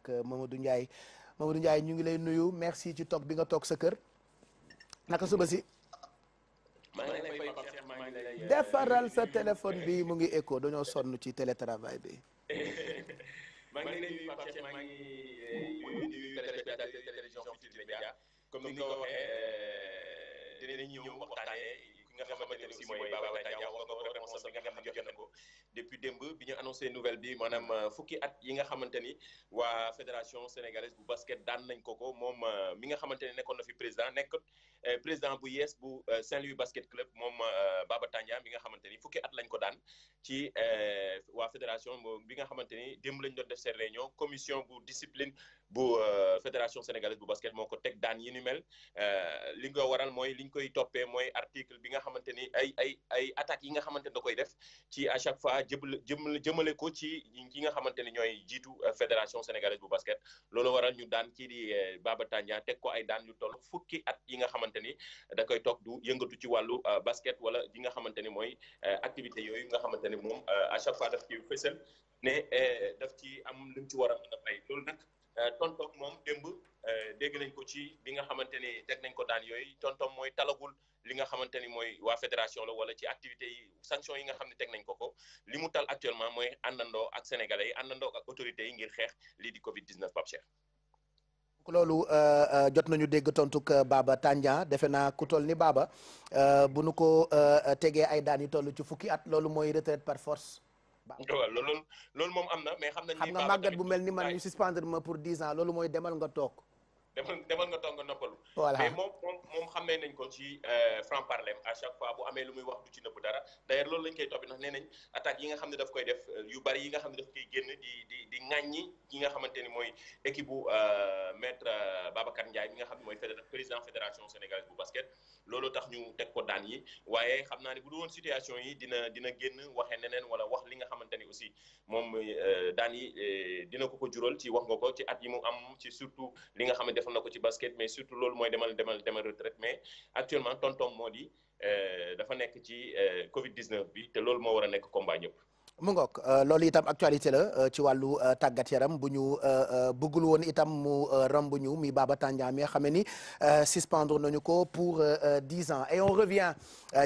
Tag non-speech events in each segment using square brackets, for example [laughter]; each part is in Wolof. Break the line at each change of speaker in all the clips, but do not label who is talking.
ak euh, Mamadou Ndiaye du Ndiaye ñu ngi lay nuyu merci ci toog bi nga toog sa kër suba si.
Euh, defaral sa téléphone bi
mu ngi écho dañoo sonn ci télétravail bi.
[laughs] nga xamante ne aussi mooy Babacar depuis démb bi ñu nouvelle bi maanaam euh, fukki at yi nga xamante waa fédération sénégalaise bu basket daan nañ ko moom euh, mi nga xamante ne fi président nekk euh, président bu yees bu Saint-Louis basket club moom Baba Tandian bi nga xamante ci euh, waa fédération bi nga xamante ni démb lañ doon def seen réunion commission bu discipline bu euh, fédération sénégalaise bu basket moo ko teg daan yi ni mel euh, li nga waral mooy liñ koy toppee mooy article bi nga xamante ni ay ay ay attaques yi nga xamante ni da koy def ci à chaque fois jëbal jëmale ko ci ñi nga xamante ni ñooy jiitu fédération sénégalaise bu basket loolu waral ñu daan kii di Baba Tandia teg ko ay daan ñu tol fukki at yi nga xamante ni da du yëngatu ci wàllu basket wala yi nga xamante ni mooy activité yooyu nga xamante moom euh, à chaque fois daf ci fësal ne euh, daf ci am lu ci war a mën a bay loolu nag euh, tontoom moom démb dégg nañ ko ci bi nga xamante ni teg nañ ko daan yooyu tontoom mooy talagul li nga xamante ni mooy waa fédération la wala ci activité yi sanction yi nga xam ne teg nañ ko ko li mu tal actuellement mooy àndandoo ak sénégalais yi àndandoo ak autorités yi ngir xeex lii di Covid 19 Pape Cheikh.
loolu euh, euh, jot nañu dégg tontuk euh, Baba Tandian defe naa ku toll ni Baba bu nu ko tegee ay daan yu toll ci fukki at loolu mooy retraite par force.
waaw loolu moom am na mais xam nañ. xam nga màggat bu mel ni man ñu suspendre
ma pour dix ans loolu mooy demal nga toog.
demal demal nga toog nga noppalu. voilà mais moom moom moom xamee nañ ko ci euh, franc parler à chaque fois bu amee lu muy wax du ci nëbbu dara d'ailleurs loolu lañ koy topp ndax nee nañ attaques yi nga xam ne daf koy def euh, yu bari yi nga xam ne daf koy génn di di di ŋàññi ki nga xamante ni mooy équipe bu euh, maître Babacar Ndiaye mi nga xam ne mooy président fédération sénégalaise bu basket loolu tax ñu teg ko daan yi waaye xam naa ne bu du woon situation yi dina dina génn waxee neneen wala wax li nga xamante ni aussi moom daan yi dina ko ko jural ci wax nga ko ci at yi mu am ci surtout nga xamante defoon na ko ci basket mais surtout loolu mooy demal demal demal retraite mais actuellement tontom moo di euh, dafa nekk ci euh, Covid 19 bi te loolu moo war a nekk combat ñëpp.
mu ngoog euh, loolu itam actualité la euh, ci wàllu euh, tàggat yaram bu ñu bëggul woon itam mu romb ñu mi Baba Tandian mi nga xam ne ni suspendre nañu ko pour dix ans et on revient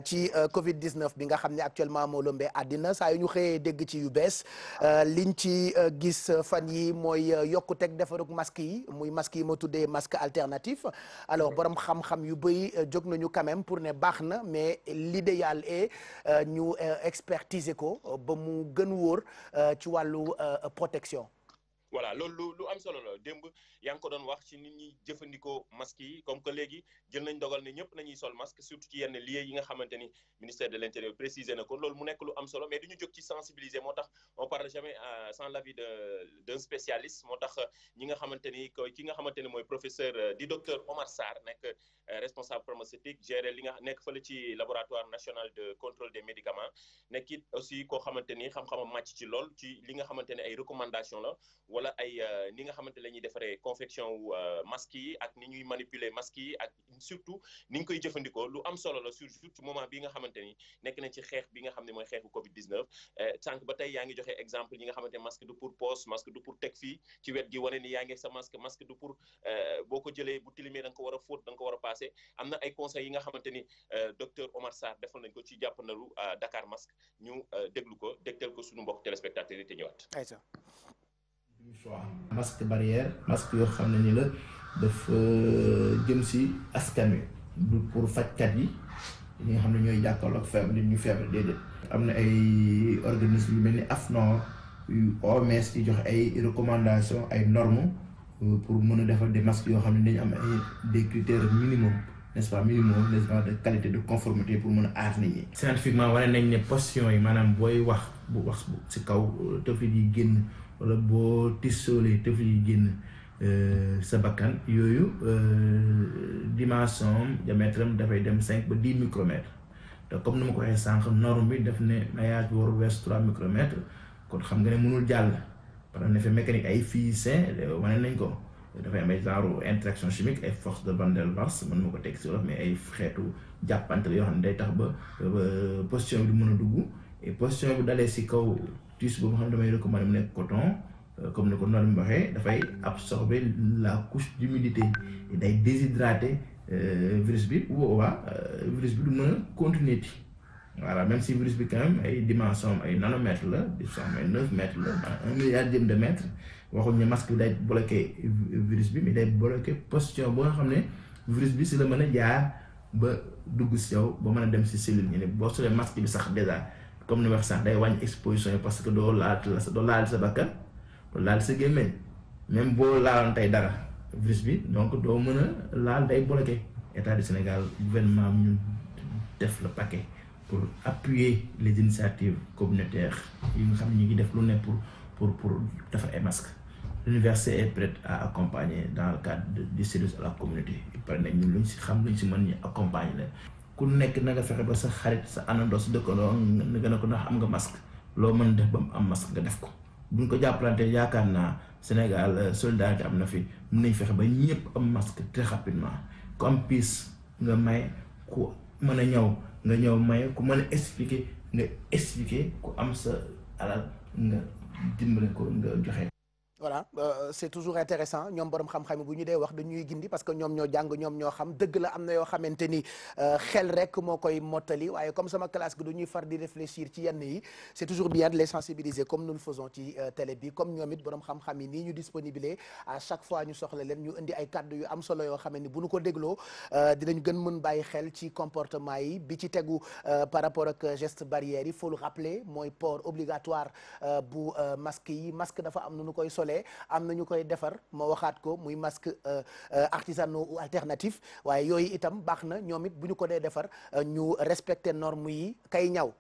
ci Covid 19 bi nga xam ne actuellement moo lëmbee addina saa yu ñu xëyee dégg ci yu bees liñ ci gis fan yi mooy yokkuteeg defarug masque yi muy masque yi ma tuddee masque alternatif alors borom xam-xam yu bëri jóg nañu quand pour ne baax na mais l'idéal est ñu expertiser ko ba mu. mu gën wóor euh, ci wàllu euh, protection
voilà loolu lu am solo la démb yaa ngi ko doon wax ci nit ñi jëfandikoo masque yi comme que léegi jël nañ dogal ne ñëpp nañuy sol masque surtout ci yenn lieux yi nga xamante ni ministère de l'intérieur précisé na ko loolu mu nekk lu am solo mais du ñu jóg ci sensibiliser moo tax on parle jamais euh, sans l'avis de d'un spécialiste moo tax ñi nga xamante ni ki nga xamante ni mooy professeur euh, di docteur Omar Sarr nekk euh, responsable pharmaceutique géré li nga nekk fële ci laboratoire national de contrôle des médicaments nekk it aussi koo xamante ni xam màcc ci lool ci li nga xamante ne ay recommandations la wala ay euh, ni nga xamante la ñuy defaree confection wu euh, masques yi ak ni ñuy manipuler masques yi ak surtout ni ñu koy jëfandikoo lu am solo la surtout moment bi nga xamante ni nekk nañ ci xeex bi nga xam ne mooy xeexu Covid 19. Euh, sànq ba tey yaa ngi joxe exemple yi nga xamante masque du pour poche masque du pour teg fii ci wet gi wane ni yaa ngi sa masque masque du pour boo ko jëlee bu tilimee da ko war a fóot da nga ko war a passé am na ay conseils yi nga xamante ni docteur Omar Sarr defal nañ ko ci jàppandalu Dakar masque ñu déglu ko dégtal ko suñu mbokk téléspectateurs yi te ñëwaat.
masque barrière masque yoo xam ne ni la dafa euh, jëm si askan wi du pour fajkat yi ñi nga xam ne ñooy jàkkaarloo ak feebar ñu feebar déedéet am na ay organisme yu mel ni AFNOR yu OMS di jox ay recommandations ay normes euh, pour mën a defar de masques yoo xam ne dañu am ay des critères minimum n'est-ce pas minimum n'est-ce pas de qualité de conformité pour mën a aar nit ñi. scientifiquement wane nañ ne position yi maanaam booy wax bu wax si kaw euh, tëflit yi génn. wala boo tissoolee tëf yi génn euh, sa bakkan yooyu euh, dimension diamètre am dafay dem cinq ba dix micromètres te comme nu ma ko waxee sànq norme bi daf ne maillage bi waru wees trois micromètres kon xam nga ne mënul jàll par un effet mécanique ay physiciens wane nañ ko dafay am ay genre interaction chimique ay force de Van der Waals mën ma ko teg si wolof mais ay xeetu jàppante la yoo xam ne day tax ba position bi du mën a dugg et position bi dalee si kaw tissu boobu xam ne damay recommander mu nekk coton euh, comme ni ko noonu mi dafay absorber la couche d'humidité day déshydrater euh, virus bi bu boobaa euh, virus bi du mën a continuer ti voilà si virus bi quand même ay dimension ay nanomètres la dimension ay neuf mètres la un milliardième de mètre waxuñ ne masque bi day bloqué virus bi mais day bloqué position boo xam ne virus bi si la mën a jaar ba dugg si yow ba mën a dem si cellule boo solee masque bi sax dé comme ni wax sax day wàññi exposition yi parce que doo laal doo laal sa bakkan doo laal sa gémmiñ même boo laaloon tey dara virus bi donc doo mën a laal day bloqué état du Sénégal gouvernement ñu def le paquet pour appuyer les initiatives communautaire yi nga xam ne ñu ngi def lu ne pour pour pour defar ay masque l'université est prête à accompagner dans le cadre du service à la communauté pare nañ lu luñ si xam ñu si mën ñu accompagner leen ku nekk na nga fexe ba sa xarit sa anandoo sa dëkkandoo nga gën a ko ndax am nga masque loo mën def ba mu am masque nga def ko buñ ko jàppalante yaakaar naa Sénégal euh, solidarité am na fi mun nañ fexe ba ñëpp am masque très rapidement ku am piis nga may ku mën a ñëw nga ñëw may ku mën a expliquer nga expliquer ku am sa alal nga dimbale ko nga joxe.
voilà euh, c'est toujours intéressant ñoom borom xam-xam bu ñu dee wax dañuy gindi parce que ñoom ñoo jàng ñoom ñoo xam dëgg la am na yoo xamante ni euh, xel rek moo koy mottali waaye comme sama classe gi duñuy far di réfléchir ci yenn yi c'est toujours bien de les sensibiliser comme nous le faisons ci euh, télé bi ñu disponible à chaque fois ñu yoo xam ne bu ñu ko dégloo dinañ gën mën bàyyi xel ci yi bi ci tegu par rapport ak geste barrière yi faut le rappeler mooy port obligatoire bu masque yi masque dafa am nu ñu koy solee waxee am na ñu koy defar ma waxaat ko muy masque euh, euh, artisanaux ou alternatif waaye yooyu itam baax na ñoom it bu ñu ko dee defar euh, ñu respecter norme yi kay ñaw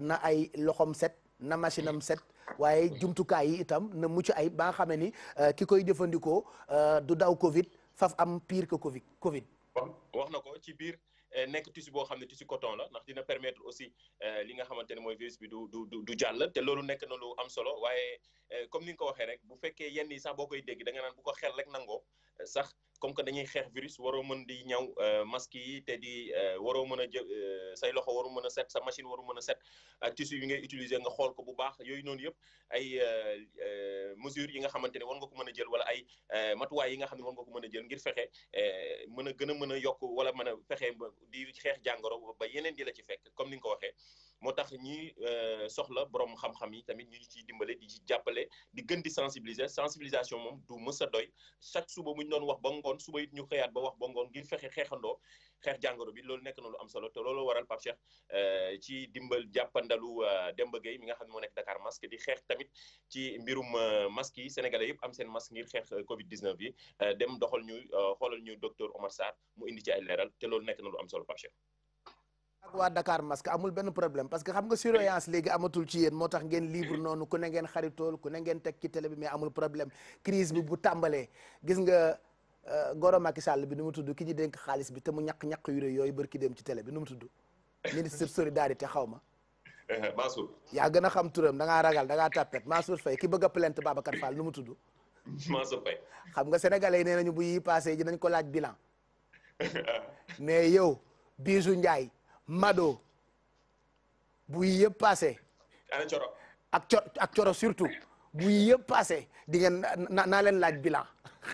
na ay loxom set na machine am set waaye jumtukaay yi itam na mucc ay ba nga ni ki koy jëfandikoo du daw Covid faf am pire que Covid Covid.
Euh, nekk tissu boo xam ne tissu coton la ndax dina permettre aussi euh, li nga xamante ne mooy virus bi du du du jàll te loolu nekk na lu am solo waaye euh, comme ni nga ko waxee rek bu fekkee yenn yi sax boo koy dégg da nga naan bu ko xel rek nangoo sax comme que dañuy xeex virus waroo mën di ñaw euh, masque yi te di euh, waroo mën a jë euh, say loxo waru mën a set sa machine waru mën a set ak tissu yi ngay utiliser nga xool ko bu baax yooyu noonu yëpp ay mesures yi nga xamante ne war nga ko mën a jël wala ay matuwaay yi nga xam ne war nga ko mën a jël ngir fexe mën a gën a mën a yokk wala mën a fexe di xeex jàngoro ba yeneen di la ci fekk comme ni nga ko waxee moo tax ñi soxla borom xam-xam yi tamit ñu ciy dimbale di ci jàppale di gën di sensibiliser sensibilisation moom du mës doy chaque suba bu ñu doon wax ba waxoon suba it ñu xëyaat ba wax ba ngoon ngir fexe xeexandoo xeex jàngoro bi loolu nekk na lu am solo te loolu waral Pape euh, ci dimbal jàppandalu euh, Demba Gueye mi nga xam ne moo nekk Dakar masque di xeex tamit ci mbirum euh, masque yi sénégalais yëpp am seen masque ngir xeex Covid 19 yi dem doxal ñu xoolal ñu docteur Omar Sarr mu indi ci ay te loolu nekk na lu am solo Pape Cheikh.
ak waa Dakar masque amul benn problème parce que xam amatul ci yéen moo tax ngeen libre mm-hmm. noonu ku ne xaritool ku ne teg Euh, goro Macky Sall bi nu mu tudd ki ñu dénk xaalis bi te mu ñàkk ñàkk yu yooyu barki dem ci télé bi nu mu tudd ministre solidarité xaw ma eh, yaa gën a xam turam da ngaa ragal da ngaa tàppet Mansour Faye ki bëgg a plainte Babacar Fall nu mu tudd Mansour Faye xam nga sénégalais yi nee nañu bu yi passé ji nañ ko laaj bilan
[laughs]
mais yow Bijou Ndiaye Mado bu yi yëpp passé ak coro ak surtout bu yëpp passé di ngeen naa leen laaj bilan.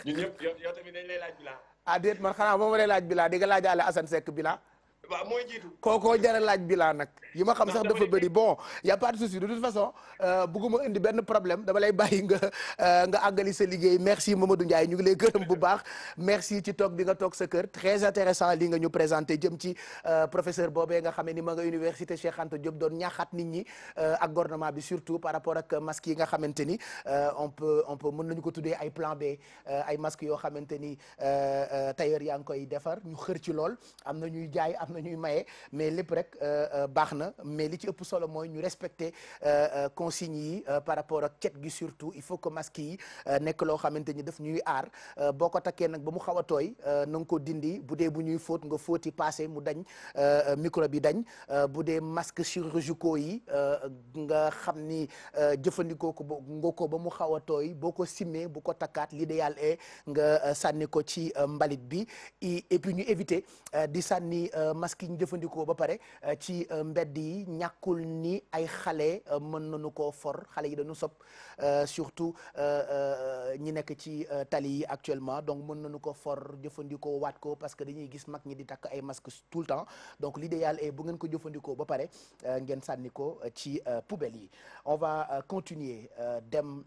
ñun ñëpp yow tamit dañ lay laaj bilan.
ah déet man xanaa ba ma lay laaj bilan di nga laajaale Assane Seck bilan. waaw mooy kookoo jara laaj bi laa nag yi ma xam sax dafa bëri bon y' a pas de souci de toute façon euh, bugguma indi benn problème dama lay bàyyi nga euh, nga àggali sa liggéey merci Mamadou Ndiaye ñu ngi lay gërëm bu baax merci ci toog bi nga toog sa kër très intéressant li nga ñu présenté jëm ci euh, professeur boobee nga xamee ni ma nga université Cheikh Anta Diop doon ñaxaat nit ñi a gouvernement bi surtout par rapport ak masques yi nga xamante ni on peut on peut mën nañu ko tuddee ay plan ay masques yoo xamante ni tailleur yaa ngi koy defar ñu xër ci lool na ñuy maye mais lépp rek euh, euh, baax na mais li ci ëpp solo mooy ñu respecter euh, consignes yi par rapport ak cet gi surtout il faut que masque yi nekk loo xamante ni daf ñuy aar boo ko takkee nag ba mu xaw a tooy na ko dindi bu dee bu ñuy fóot nga fóoti passé mu dañ microbe bi dañ bu dee masque chirurgicaux yi nga xam ni jëfandikoo ko nga ko ba mu xaw a tooy boo ko simmee bu ko takkaat l'idéal est nga sànni ko ci mbalit bi et puis ñu éviter di sànni masque ñu jëfandikoo ba pare euh, ci euh, mbedd yi ñàkkul ni ay xale euh, mën na nañu ko for xale yi dañu sob surtout ñi nekk ci tali yi actuellement donc mën nañu ko for jëfandikoo waat ko parce que dañuy gis mag ñi di takk ay masque tout le temps donc l'idéal est bu ngeen ko jëfandikoo ba pare ngeen sànni ko ci poubelle yi on va continuer dem